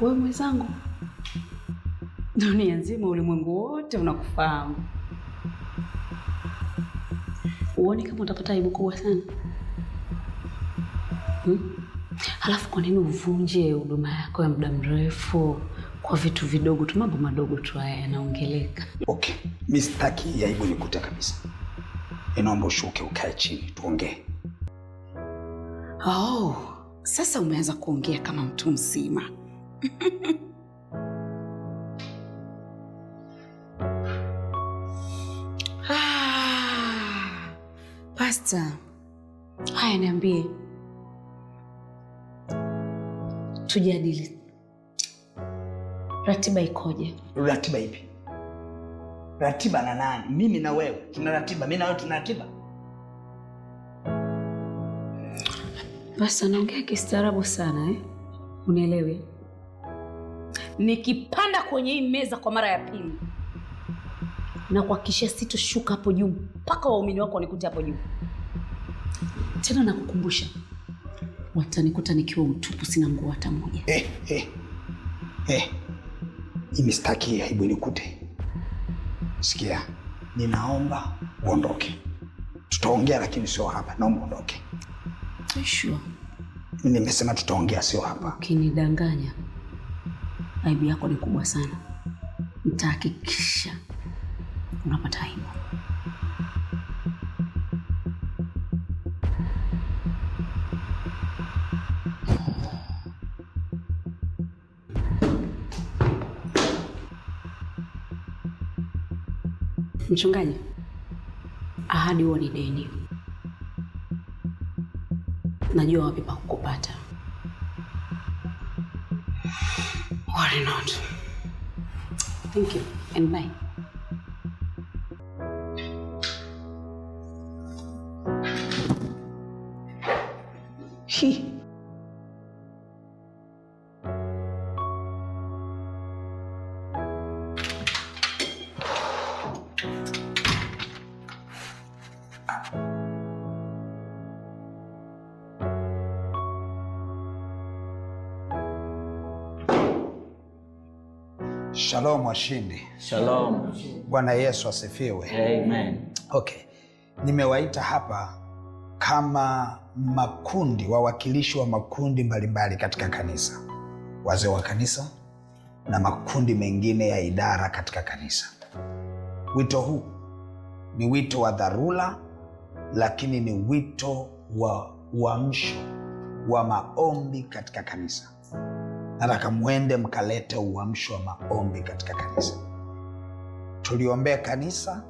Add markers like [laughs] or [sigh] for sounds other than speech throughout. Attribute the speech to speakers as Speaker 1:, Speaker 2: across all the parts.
Speaker 1: Wewe mwenzangu, dunia nzima, ulimwengu wote unakufahamu. Uone kama utapata aibu kubwa sana hmm? Halafu kwa nini uvunje huduma yako ya muda mrefu kwa vitu vidogo tu, mambo madogo tu haya yanaongeleka.
Speaker 2: Okay, mimi sitaki aibu nikuta kabisa. inaomba ushuke ukae chini tuongee.
Speaker 1: Oh, sasa umeanza kuongea kama mtu mzima. [laughs] Ah, pasta, haya niambie, tujadili ratiba ikoje?
Speaker 2: Ratiba ipi? Ratiba na nani? Mimi na wewe tuna ratiba, mimi na wewe tuna ratiba.
Speaker 1: Basi naongea kistaarabu sana eh? Unielewe nikipanda kwenye hii meza kwa mara ya pili na kuhakikisha sitoshuka hapo juu mpaka waumini wako wanikute hapo juu tena nakukumbusha watanikuta nikiwa utupu sina nguo hata moja
Speaker 2: eh, eh, eh. imestaki aibu nikute sikia ninaomba uondoke tutaongea lakini sio hapa naomba uondoke sure. nimesema tutaongea sio hapa
Speaker 1: ukinidanganya okay, aibu yako ni kubwa sana. Nitahakikisha unapata aibu. Mchungaji, ahadi huo ni deni, najua wapi pa kukupata. Why not? Thank you, and bye. He
Speaker 2: Shalom washindi.
Speaker 3: Shalom.
Speaker 2: Bwana Yesu asifiwe.
Speaker 3: Amen.
Speaker 2: Okay. Nimewaita hapa kama makundi, wawakilishi wa makundi mbalimbali katika kanisa, wazee wa kanisa na makundi mengine ya idara katika kanisa. Wito huu ni wito wa dharura, lakini ni wito wa uamsho wa maombi katika kanisa nataka mwende mkalete uamsho wa maombi katika kanisa. Tuliombee kanisa,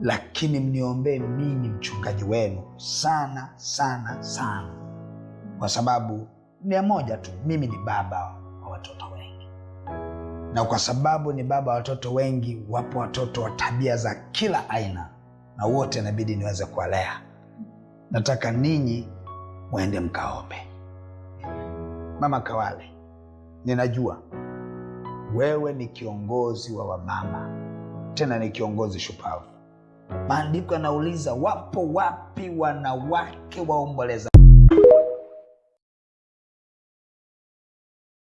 Speaker 2: lakini mniombee mimi mchungaji wenu sana sana sana, kwa sababu mia moja tu, mimi ni baba wa watoto wengi, na kwa sababu ni baba wa watoto wengi, wapo watoto wa tabia za kila aina, na wote inabidi niweze kuwalea. Nataka ninyi mwende mkaombe. Mama Kawale ninajua wewe ni kiongozi wa wamama, tena ni kiongozi shupavu. Maandiko yanauliza, wapo wapi wanawake waomboleza?